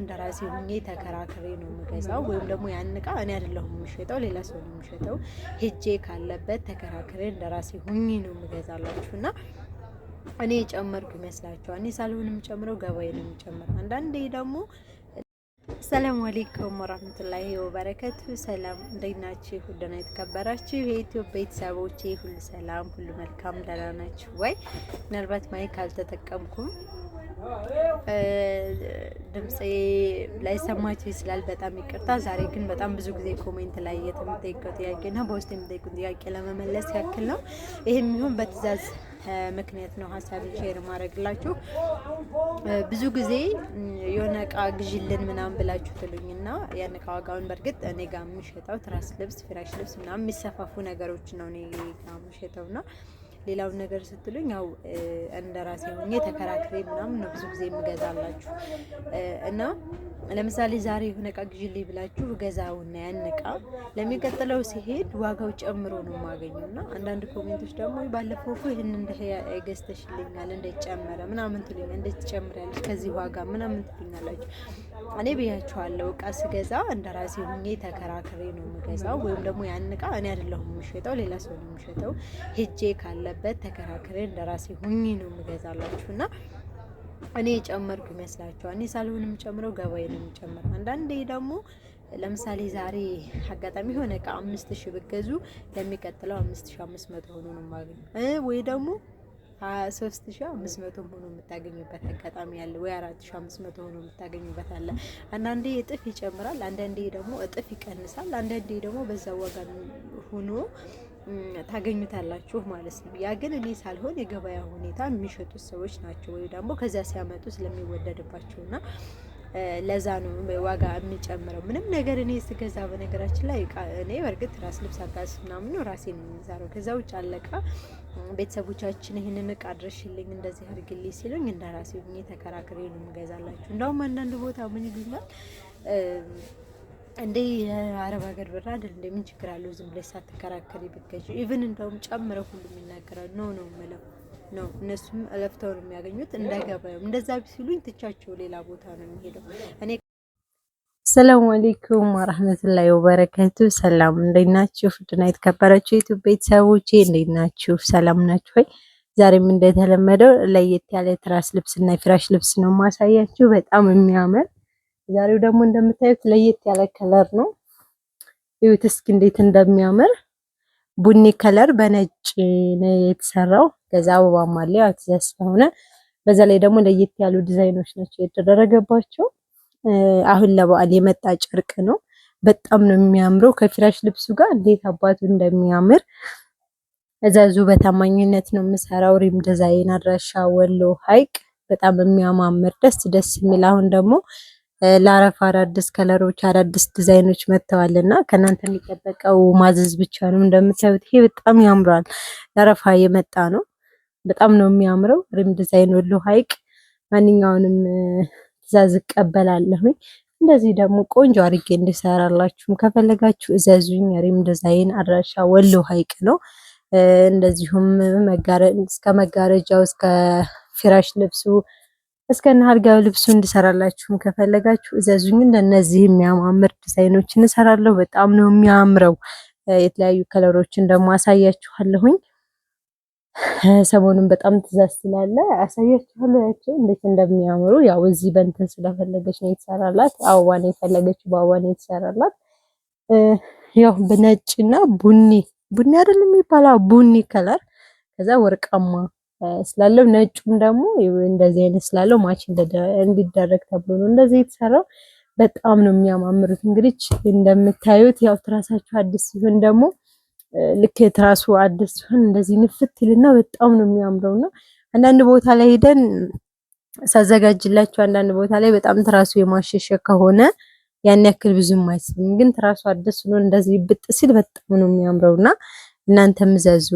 እንደራሴ ሆኜ ተከራክሬ ነው የምገዛው። ወይም ደግሞ ያን እቃ እኔ አይደለሁም የሚሸጠው ሌላ ሰው ነው የምሸጠው። ሄጄ ካለበት ተከራክሬ እንደራሴ ሆኜ ነው የምገዛላችሁ እና እኔ የጨመርኩ ይመስላችኋል? እኔ ሳልሆንም ጨምረው ገበያ ነው የምጨምረው። አንዳንዴ ደግሞ ሰላም አለይኩም ወራህመቱላሂ ወበረከቱ። ሰላም እንዴት ናችሁ? ደህና የተከበራችሁ የኢትዮ ቤተሰቦቼ ሁሉ ሰላም፣ ሁሉ መልካም፣ ደህና ናችሁ ወይ? ምናልባት ማይክ አልተጠቀምኩም ድምፄ ላይሰማችሁ ይችላል። በጣም ይቅርታ። ዛሬ ግን በጣም ብዙ ጊዜ ኮሜንት ላይ የምጠይቀው ጥያቄና በውስጥ የምጠይቁት ጥያቄ ለመመለስ ያክል ነው። ይህም ይሁን በትዕዛዝ ምክንያት ነው ሀሳብ ሼር ማድረግላችሁ። ብዙ ጊዜ የሆነ እቃ ግዥልን ምናምን ብላችሁ ትሉኝ እና ያን እቃ ዋጋውን በእርግጥ እኔ ጋር የምሸጠው ትራስ ልብስ፣ ፍራሽ ልብስ ምናምን የሚሰፋፉ ነገሮች ነው እኔ ጋር የምሸጠው ና ሌላውን ነገር ስትሉኝ ያው እንደ ራሴ ሆኜ ተከራክሬ ምናምን ነው ብዙ ጊዜ የምገዛላችሁ እና ለምሳሌ ዛሬ የሆነ እቃ ግዢልኝ ብላችሁ ገዛውና ያን እቃ ለሚቀጥለው ሲሄድ ዋጋው ጨምሮ ነው የማገኘው። እና አንዳንድ ኮሜንቶች ደግሞ ባለፈው እኮ ይህን እንደ ገዝተሽልኛል እንደጨመረ ምናምን ትሉኛል፣ እንደጨምር ያለች ከዚህ ዋጋ ምናምን ትሉኛላችሁ። እኔ ብያቸዋለሁ እቃ ስገዛ እንደ ራሴ ሁኜ ተከራክሬ ነው የምገዛው። ወይም ደግሞ ያን እቃ እኔ አይደለሁም የምሸጠው፣ ሌላ ሰው ነው የምሸጠው። ሄጄ ካለበት ተከራክሬ እንደ ራሴ ሁኜ ነው የምገዛላችሁ እና እኔ የጨመርኩ ይመስላችኋል? እኔ ሳልሆን የምጨምረው ገበያ ነው የምጨምረው። አንዳንዴ ደግሞ ለምሳሌ ዛሬ አጋጣሚ የሆነ እቃ አምስት ሺህ ብገዙ ለሚቀጥለው አምስት ሺህ አምስት መቶ ሆኖ ነው የማገኘው ወይ ደግሞ አምስት መቶ ሆኖ የምታገኙበት አጋጣሚ አለ ወይ 4500 ሆኖ የምታገኙበት አለ። አንዳንዴ እጥፍ ይጨምራል፣ አንዳንዴ ደግሞ እጥፍ ይቀንሳል፣ አንዳንዴ ደግሞ በዛ ዋጋ ሆኖ ታገኙታላችሁ ማለት ነው። ያ ግን እኔ ሳልሆን የገበያ ሁኔታ የሚሸጡት ሰዎች ናቸው ወይ ደግሞ ከዚያ ሲያመጡ ስለሚወደድባቸውና ለዛ ነው ዋጋ የሚጨምረው። ምንም ነገር እኔ ስገዛ በነገራችን ላይ እኔ በእርግጥ ራስ ልብስ አጋዝ ምናምን ራሴ ነው የምንዛረው። ከዛ ውጭ አለቃ ቤተሰቦቻችን ይህንን እቃ አድረሽልኝ እንደዚህ አድርግልኝ ሲሉኝ እንደ ራሴ ሆኜ ተከራክሬ ነው የምገዛላችሁ። እንዳውም አንዳንድ ቦታ ምን ይሉኛል እንዴ የአረብ ሀገር ብር አይደል እንደ ምን ችግር አለው ዝም ብለሽ ሳትከራከሪ ብትገዢ። ኢቭን እንደውም ጨምረው ሁሉም ይናገራል። ኖ ነው የምለው ነው እነሱም ለፍተው ነው የሚያገኙት። እንዳይገባዩ እንደዛ ቢስሉኝ ትቻቸው ሌላ ቦታ ነው የሚሄደው እኔ ሰላም አለይኩም ወራህመቱላሂ ወበረከቱ። ሰላም እንዴት ናችሁ? ፍድና የተከበራችሁ ዩቲዩብ ቤተሰቦቼ እንዴት ናችሁ? ሰላም ናችሁ ወይ? ዛሬም እንደተለመደው ለየት ያለ ትራስ ልብስ እና የፍራሽ ልብስ ነው ማሳያችሁ። በጣም የሚያምር ዛሬው ደግሞ እንደምታዩት ለየት ያለ ከለር ነው። ይዩት እስኪ እንዴት እንደሚያምር ቡኒ ከለር በነጭ ነው የተሰራው። ከዛ አበባ ማለ አክሰስ ሆነ። በዛ ላይ ደግሞ ለየት ያሉ ዲዛይኖች ናቸው የተደረገባቸው። አሁን ለበዓል የመጣ ጨርቅ ነው። በጣም ነው የሚያምረው ከፊራሽ ልብሱ ጋር እንዴት አባቱ እንደሚያምር እዛዙ። በታማኝነት ነው የምሰራው። ሪም ዲዛይን አድራሻ ወሎ ሀይቅ በጣም የሚያማምር ደስ ደስ የሚል አሁን ደግሞ ለአረፋ አዳዲስ ከለሮች አዳዲስ ዲዛይኖች መጥተዋል እና ከእናንተ የሚጠበቀው ማዘዝ ብቻ ነው። እንደምታዩት ይሄ በጣም ያምራል። ለአረፋ የመጣ ነው። በጣም ነው የሚያምረው። ሪም ዲዛይን ወሎ ሀይቅ ማንኛውንም ትዕዛዝ እቀበላለሁ እንደዚህ ደግሞ ቆንጆ አድርጌ እንድሰራላችሁም ከፈለጋችሁ እዘዙኝ። ሪም ዲዛይን አድራሻ ወሎ ሀይቅ ነው። እንደዚሁም እስከ መጋረጃው እስከ ፊራሽ ልብሱ እስከነ አልጋው ልብሱ እንድሰራላችሁም ከፈለጋችሁ እዘዙኝ። እንደነዚህ የሚያማምር ዲዛይኖችን እንሰራለሁ። በጣም ነው የሚያምረው። የተለያዩ ከለሮችን ደግሞ አሳያችኋለሁኝ። ሰሞኑን በጣም ትእዛዝ ስላለ አሳያችኋለሁ ያቸው እንዴት እንደሚያምሩ። ያው እዚህ በእንትን ስለፈለገች ነው የተሰራላት። አበባ ነው የፈለገችው፣ በአበባ ነው የተሰራላት። ያው በነጭና ቡኒ ቡኒ አይደለም የሚባለው ቡኒ ከለር ከዛ ወርቃማ ስላለው ነጩም ደግሞ እንደዚህ አይነት ስላለው ማች እንዲደረግ ተብሎ ነው እንደዚህ የተሰራው። በጣም ነው የሚያማምሩት። እንግዲህ እንደምታዩት ያው ትራሳቸው አዲስ ሲሆን ደግሞ ልክ የትራሱ አዲስ ሲሆን እንደዚህ ንፍት ይልና በጣም ነው የሚያምረው። እና አንዳንድ ቦታ ላይ ሄደን ሳዘጋጅላቸው አንዳንድ ቦታ ላይ በጣም ትራሱ የማሸሸ ከሆነ ያን ያክል ብዙም አይስብም፣ ግን ትራሱ አዲስ ሆኖ እንደዚህ ብጥ ሲል በጣም ነው የሚያምረውና እናንተም ዘዙ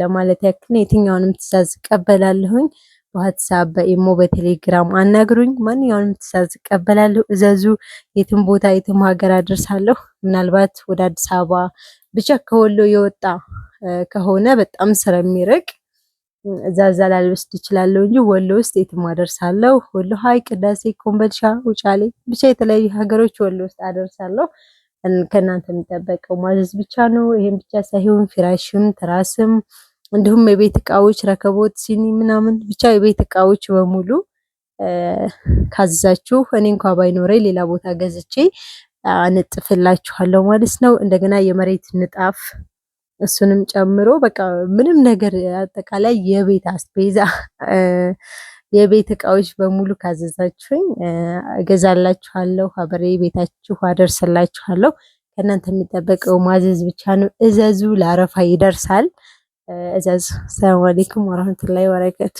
ለማለት ያክል የትኛውንም ትእዛዝ እቀበላለሁኝ። በዋትሳፕ በኢሞ በቴሌግራም አናግሩኝ። ማንኛውንም ትእዛዝ እቀበላለሁ። እዘዙ። የትም ቦታ የትም ሀገር አድርሳለሁ። ምናልባት ወደ አዲስ አበባ ብቻ ከወሎ የወጣ ከሆነ በጣም ስለሚርቅ እዛ እዛ ላልወስድ ትችላለሁ እንጂ ወሎ ውስጥ የትም አደርሳለሁ። ወሎ ሐይቅ፣ ዳሴ ኮምበልሻ ውጫሌ ብቻ የተለያዩ ሀገሮች ወሎ ውስጥ አደርሳለሁ። ከእናንተ የሚጠበቀው ማዘዝ ብቻ ነው። ይሄን ብቻ ሳይሆን ፍራሽም፣ ትራስም እንዲሁም የቤት እቃዎች ረከቦት፣ ሲኒ ምናምን ብቻ የቤት እቃዎች በሙሉ ካዘዛችሁ እኔ እንኳ ባይኖረኝ ሌላ ቦታ ገዝቼ አንጥፍላችኋለሁ ማለት ነው። እንደገና የመሬት ንጣፍ እሱንም ጨምሮ በቃ ምንም ነገር አጠቃላይ የቤት አስቤዛ የቤት እቃዎች በሙሉ ካዘዛችሁኝ እገዛላችኋለሁ። አብሬ ቤታችሁ አደርስላችኋለሁ። ከእናንተ የሚጠበቀው ማዘዝ ብቻ ነው። እዘዙ፣ ለአረፋ ይደርሳል። እዘዙ። ሰላም አሌይኩም ወረህመቱላሂ ወበረካቱ።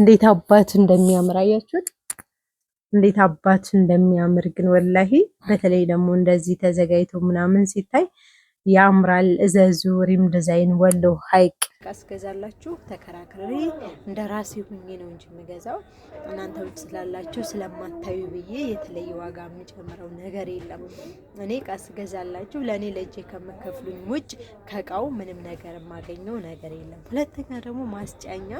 እንዴት አባቱ እንደሚያምር አያችሁት? እንዴት አባቱ እንደሚያምር ግን ወላሂ። በተለይ ደግሞ እንደዚህ ተዘጋጅቶ ምናምን ሲታይ ያምራል። እዘዙ። ሪም ዲዛይን ወሎ ሀይቅ አስገዛላችሁ። ተከራክሬ እንደ ራሴ ሁኜ ነው እንጂ የምገዛው እናንተ ውጭ ስላላችሁ ስለማታዩ ብዬ የተለየ ዋጋ የምጨምረው ነገር የለም። እኔ እቃ ስገዛላችሁ ለእኔ ለእጄ ከምከፍሉኝ ውጭ ከእቃው ምንም ነገር የማገኘው ነገር የለም። ሁለተኛ ደግሞ ማስጫኛ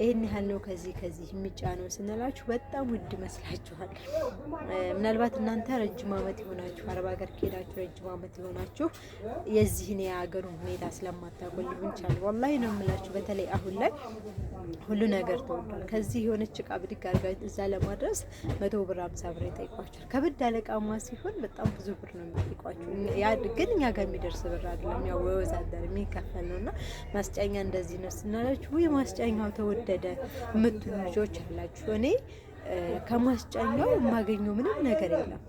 ይህን ያህል ነው ከዚህ ከዚህ የሚጫነው ስንላችሁ በጣም ውድ መስላችኋል። ምናልባት እናንተ ረጅም ዓመት የሆናችሁ አረብ ሀገር ከሄዳችሁ ረጅም ዓመት ይሆናችሁ የዚህን የሀገሩን ሁኔታ ስለማታውቁ ሊሆን ይችላል። ወላሂ ነው የምላችሁ። በተለይ አሁን ላይ ሁሉ ነገር ተወዷል። ከዚህ የሆነች እቃ ብድግ አድርጋ እዛ ለማድረስ መቶ ብር አምሳ ብር ይጠይቋቸዋል። ከብድ አለቃማ ሲሆን በጣም ብዙ ብር ነው የሚጠይቋቸው። ግን እኛ ጋር የሚደርስ ብር አይደለም፣ ያው ወዛደር የሚከፈል ነው። እና ማስጫኛ እንደዚህ ነው ስናላችሁ፣ ወይ ማስጫኛው ተወደደ የምትሉ ልጆች አላችሁ እኔ ከማስጫኛው የማገኘው ምንም ነገር የለም።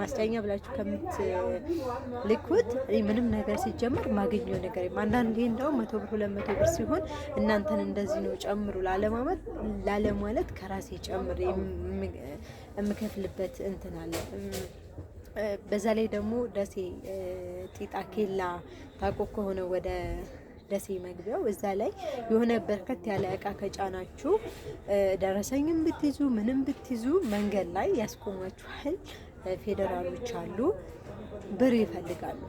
ማስጫኛ ብላችሁ ከምትልኩት ምንም ነገር ሲጀመር ማገኘው ነገር የለም። አንዳንዴ እንደውም መቶ ብር ሁለት መቶ ብር ሲሆን እናንተን እንደዚህ ነው ጨምሩ ላለማመት ላለማለት ከራሴ ጨምር የምከፍልበት እንትን አለ። በዛ ላይ ደግሞ ደሴ ጢጣ ኬላ ታቆ ከሆነ ወደ ደሴ መግቢያው እዛ ላይ የሆነ በርከት ያለ እቃ ከጫናችሁ ደረሰኝም ብትይዙ ምንም ብትይዙ መንገድ ላይ ያስቆማችኋል። ፌዴራሎች አሉ። ብር ይፈልጋሉ።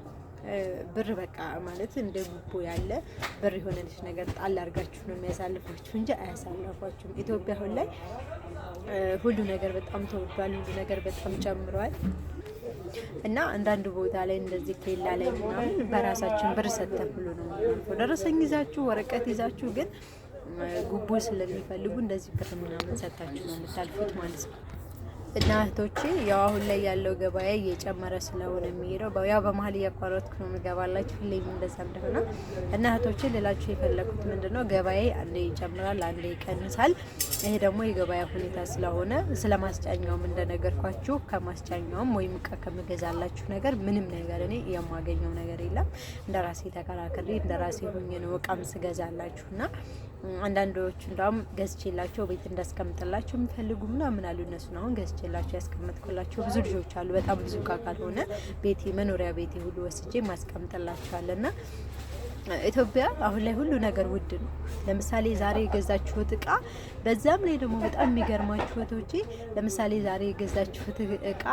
ብር በቃ ማለት እንደ ጉቦ ያለ ብር የሆነልሽ ነገር ጣል አድርጋችሁ ነው የሚያሳልፏችሁ እንጂ አያሳልፏችሁም። ኢትዮጵያ አሁን ላይ ሁሉ ነገር በጣም ተወዷል። ሁሉ ነገር በጣም ጨምሯል። እና አንዳንድ ቦታ ላይ እንደዚህ ኬላ ላይ ምናምን በራሳችን ብር ሰጥተን ብሎ ነው ደረሰኝ ይዛችሁ ወረቀት ይዛችሁ ግን ጉቦ ስለሚፈልጉ እንደዚህ ብር ምናምን ሰጥታችሁ ነው የምታልፉት ማለት ነው። እና እህቶቼ ያው አሁን ላይ ያለው ገበያ እየጨመረ ስለሆነ የሚሄደው ያው በመሀል እያቋረጥኩ ነው የምገባላችሁ ሁሌም እንደዛ እንደሆነ እና እህቶቼ ልላችሁ የፈለኩት ምንድን ነው ገበያ አንዴ ይጨምራል፣ አንዴ ይቀንሳል። ይሄ ደግሞ የገበያ ሁኔታ ስለሆነ ስለ ማስጫኛውም እንደነገርኳችሁ ከማስጫኛውም ወይም እቃ ከምገዛላችሁ ነገር ምንም ነገር እኔ የማገኘው ነገር የለም። እንደ ራሴ ተከራክሬ እንደ ራሴ ሁኝ ነው እቃም ስገዛላችሁና አንዳንዶቹ እንዳውም ገዝቼላቸው ቤት እንዳስቀምጥላቸው የሚፈልጉ ምናምን አሉ። እነሱን አሁን ገዝቼላቸው ያስቀመጥኩላቸው ብዙ ልጆች አሉ። በጣም ብዙ እቃ ካልሆነ ቤቴ መኖሪያ ቤቴ ሁሉ ወስጄ ማስቀምጥላቸዋል እና ኢትዮጵያ አሁን ላይ ሁሉ ነገር ውድ ነው። ለምሳሌ ዛሬ የገዛችሁት እቃ በዛም ላይ ደግሞ በጣም የሚገርማችሁ እህቶቼ፣ ለምሳሌ ዛሬ የገዛችሁት እቃ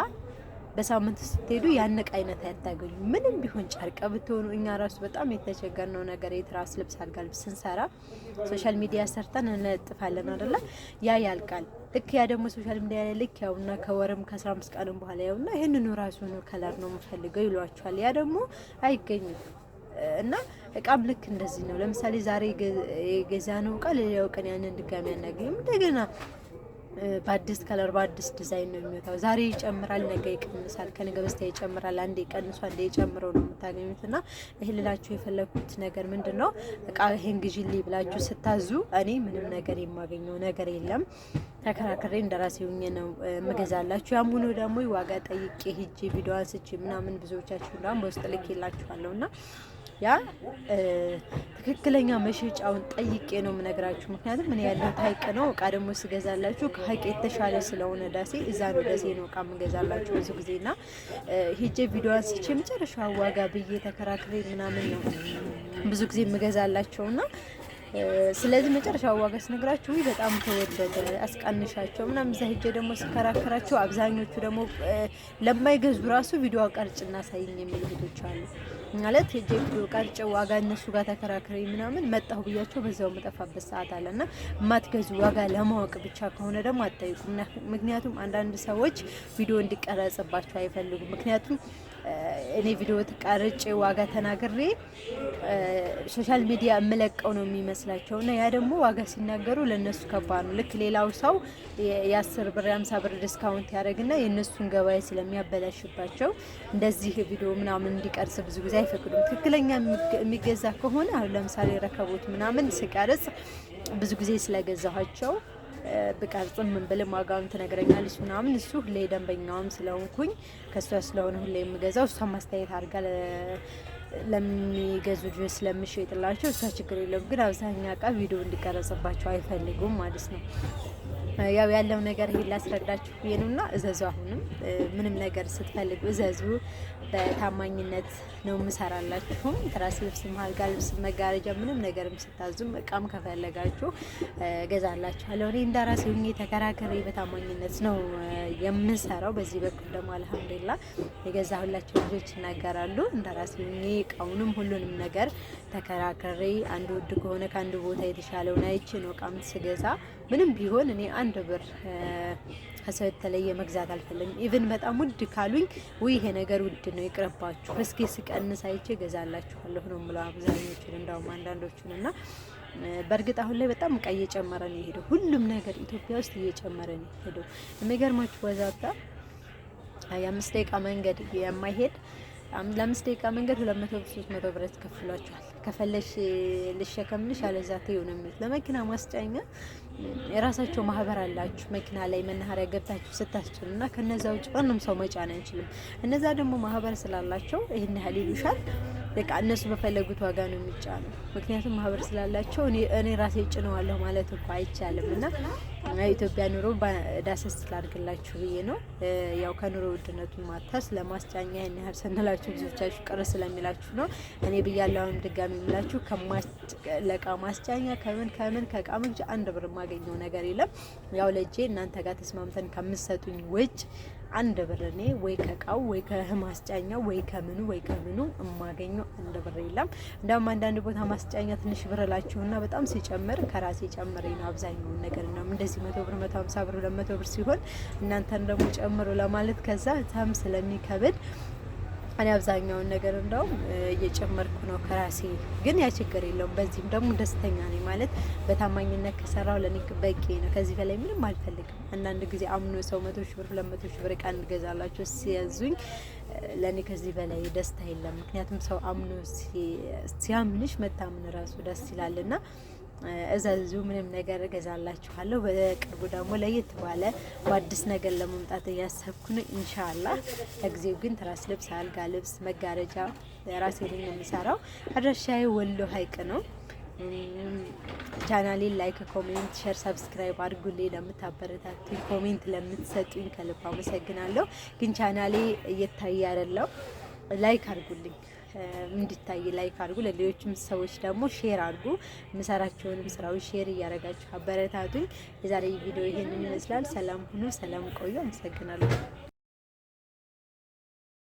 በሳምንት ስትሄዱ ያንቅ አይነት አያታገኙ። ምንም ቢሆን ጨርቅ ብትሆኑ እኛ ራሱ በጣም የተቸገርነው ነገር የትራስ ልብስ አልጋ ልብስ ስንሰራ ሶሻል ሚዲያ ሰርተን እንለጥፋለን አይደለ? ያ ያልቃል። ልክ ያ ደግሞ ሶሻል ሚዲያ ላይ ልክ ያውና ከወርም ከአስራ አምስት ቀንም በኋላ ያውና ይህንኑ ራሱን ከለር ነው የምፈልገው ይሏቸዋል። ያ ደግሞ አይገኝም። እና እቃም ልክ እንደዚህ ነው። ለምሳሌ ዛሬ የገዛ ነው እቃ ሌላው ቀን ያንን ድጋሚ ያናገኝም እንደገና በአዲስ ከለር በአዲስ ዲዛይን ነው የሚወጣው። ዛሬ ይጨምራል፣ ነገ ይቀንሳል፣ ከነገ በስቲያ ይጨምራል፣ አንዴ ቀንሶ አንዴ የጨምረው ነው የምታገኙት። እና ይህ ልላችሁ የፈለግኩት ነገር ምንድን ነው እቃ ይህን ግዢልኝ ብላችሁ ስታዙ እኔ ምንም ነገር የማገኘው ነገር የለም ተከራክሬ እንደራሴ ሆኜ ነው የምገዛላችሁ። ያም ሆኖ ደግሞ ዋጋ ጠይቄ ሂጄ ቪዲዮ አንስቼ ምናምን ብዙዎቻችሁ ዳም በውስጥ ልክ ይላችኋለሁ እና ያ ትክክለኛ መሸጫውን ጠይቄ ነው የምነግራችሁ። ምክንያቱም እኔ ያለሁት ሀይቅ ነው። እቃ ደግሞ ስገዛላችሁ ከሀይቅ የተሻለ ስለሆነ ዳሴ እዛ ነው ደሴ ነው እቃ የምገዛላችሁ ብዙ ጊዜ ና ሄጄ ቪዲዮ አንስቼ መጨረሻ ዋጋ ብዬ ተከራክሬ ምናምን ነው ብዙ ጊዜ የምገዛላቸው ስለዚህ መጨረሻው ዋጋ ስነግራችሁ በጣም ተወደደ አስቀንሻቸው ምናም እዛ ሄጄ ደግሞ ስከራከራቸው አብዛኞቹ ደግሞ ለማይገዙ ራሱ ቪዲዮ ቀርጭና ሳይኝ የሚል ልጆች አሉ። ማለት ሄጄ ቪዲዮ ቀርጭ ዋጋ እነሱ ጋር ተከራክሬ ምናምን መጣሁ ብያቸው በዛው መጠፋበት ሰዓት አለ እና የማትገዙ ዋጋ ለማወቅ ብቻ ከሆነ ደግሞ አጠይቁ። ምክንያቱም አንዳንድ ሰዎች ቪዲዮ እንዲቀረጽባቸው አይፈልጉም። ምክንያቱም እኔ ቪዲዮ ተቀርጬ ዋጋ ተናግሬ ሶሻል ሚዲያ የምለቀው ነው የሚመስላቸው እና ያ ደግሞ ዋጋ ሲናገሩ ለእነሱ ከባድ ነው። ልክ ሌላው ሰው የአስር ብር የአምሳ ብር ዲስካውንት ያደረግና የእነሱን ገበያ ስለሚያበላሽባቸው እንደዚህ ቪዲዮ ምናምን እንዲቀርጽ ብዙ ጊዜ አይፈቅዱም። ትክክለኛ የሚገዛ ከሆነ አሁን ለምሳሌ ረከቦት ምናምን ስቀርጽ ብዙ ጊዜ ስለገዛኋቸው ብቀርጹን ምን ብልም ዋጋውን ትነግረኛለች ምናምን። እሱ ሁሌ ደንበኛውም ስለሆንኩኝ ከእሷ ስለሆነ ሁሌ የምገዛው እሷ ማስተያየት አድርጋ ለሚገዙ ልጆች ስለምሸጥላቸው እሷ ችግር የለውም። ግን አብዛኛ እቃ ቪዲዮ እንዲቀረጽባቸው አይፈልጉም ማለት ነው። ያው ያለው ነገር ይሄን ላስረዳችሁ ብዬ ነው እና እዘዙ። አሁንም ምንም ነገር ስትፈልጉ እዘዙ። በታማኝነት ነው የምሰራላችሁ። ትራስ ልብስ፣ አልጋ ልብስ፣ መጋረጃ፣ ምንም ነገርም ስታዙም እቃም ከፈለጋችሁ እገዛላችኋለሁ። እኔ እንደ ራሴ ሁኜ ተከራከሪ በታማኝነት ነው የምሰራው። በዚህ በኩል ደግሞ አልሐምዱላ የገዛሁላቸው ልጆች ይናገራሉ። እንደ ራሴ ሁኜ እቃውንም ሁሉንም ነገር ተከራከሪ አንዱ ውድ ከሆነ ከአንድ ቦታ የተሻለውን አይቼ ነው እቃም ስገዛ ምንም ቢሆን እኔ አንድ ብር ከሰው የተለየ መግዛት አልፈልግም። ኢቭን በጣም ውድ ካሉኝ ወይ ይሄ ነገር ውድ ነው ይቅርባችሁ፣ እስኪ ስቀንስ አይቼ እገዛላችኋለሁ ነው የምለው አብዛኞቹን፣ እንዳውም አንዳንዶቹን እና በእርግጥ አሁን ላይ በጣም እቃ እየጨመረ ነው የሄደው። ሁሉም ነገር ኢትዮጵያ ውስጥ እየጨመረ ነው የሄደው። የሚገርማችሁ በዛታ የአምስት ደቂቃ መንገድ የማይሄድ ለአምስት ደቂቃ መንገድ ሁለት መቶ ብር ሶስት መቶ ብር ከፍሏቸዋል። ከፈለሽ ልሸከምልሽ፣ አለዛ ተይው ነው የሚሉት። ለመኪና ማስጫኛ የራሳቸው ማህበር አላችሁ። መኪና ላይ መናኸሪያ ገብታችሁ ስታስችሉ እና ከነዛ ውጭ ማንም ሰው መጫን አንችልም። እነዛ ደግሞ ማህበር ስላላቸው ይህን ያህል ይሉሻል። በቃ እነሱ በፈለጉት ዋጋ ነው የሚጫነው። ምክንያቱም ማህበር ስላላቸው እኔ ራሴ ጭነዋለሁ ማለት እኮ አይቻልም። እና ኢትዮጵያ ኑሮ ዳሰስ ስላድርግላችሁ ብዬ ነው። ያው ከኑሮ ውድነቱ ማታ ስለማስጫኛ ይህን ያህል ስንላችሁ ብዙዎቻችሁ ቅር ስለሚላችሁ ነው። እኔ ብያለሁ አሁንም ድጋሚ የሚላችሁ ለእቃ ማስጫኛ ከምን ከምን ከእቃ ምንጭ አንድ ብር የማገኘው ነገር የለም። ያው ለእጄ እናንተ ጋር ተስማምተን ከምትሰጡኝ ውጭ አንድ ብር እኔ ወይ ከእቃው ወይ ከማስጫኛው ወይ ከምኑ ወይ ከምኑ የማገኘው አንድ ብር የለም። እንዳውም አንዳንድ ቦታ ማስጫኛ ትንሽ ብር ላችሁና በጣም ሲጨምር ከራሴ ጨምሬ ነው አብዛኛውን ነገር ነው እንደዚህ መቶ ብር መቶ ሀምሳ ብር ሁለት መቶ ብር ሲሆን እናንተን ደግሞ ጨምሮ ለማለት ከዛ ታም ስለሚከብድ እኔ አብዛኛውን ነገር እንደውም እየጨመር ነው ከራሴ ግን ያ ችግር የለውም። በዚህም ደግሞ ደስተኛ ነኝ ማለት በታማኝነት ከሰራው ለኔ በቂ ነው። ከዚህ በላይ ምንም አልፈልግም። አንዳንድ ጊዜ አምኖ ሰው መቶ ሺ ብር ሁለት መቶ ሺ ብር እቃ እንገዛላቸው ሲያዙኝ ለእኔ ከዚህ በላይ ደስታ የለም። ምክንያቱም ሰው አምኖ ሲያምንሽ መታምን ራሱ ደስ ይላል እና እዛዙ ምንም ነገር እገዛላችኋለሁ። በቅርቡ ደግሞ ለየት ባለ በአዲስ ነገር ለመምጣት እያሰብኩ ነው። ኢንሻአላህ ለጊዜው ግን ትራስ ልብስ፣ አልጋ ልብስ፣ መጋረጃ ራሴ ነው የምሰራው። አድራሻዬ ወሎ ሀይቅ ነው። ቻናሌን ላይክ፣ ኮሜንት፣ ሸር ሰብስክራይብ አድርጉልኝ። ለምታበረታቱኝ ኮሜንት ለምትሰጡኝ ከልብ አመሰግናለሁ። ግን ቻናሌ እየታየ አይደለም፣ ላይክ አድርጉልኝ እንዲታይ ላይክ አድርጉ። ለሌሎችም ሰዎች ደግሞ ሼር አድርጉ። የምሰራቸውንም ስራዊ ሼር እያደረጋችሁ አበረታቱኝ። የዛሬ ቪዲዮ ይሄንን ይመስላል። ሰላም ሁኑ፣ ሰላም ቆዩ። አመሰግናለሁ።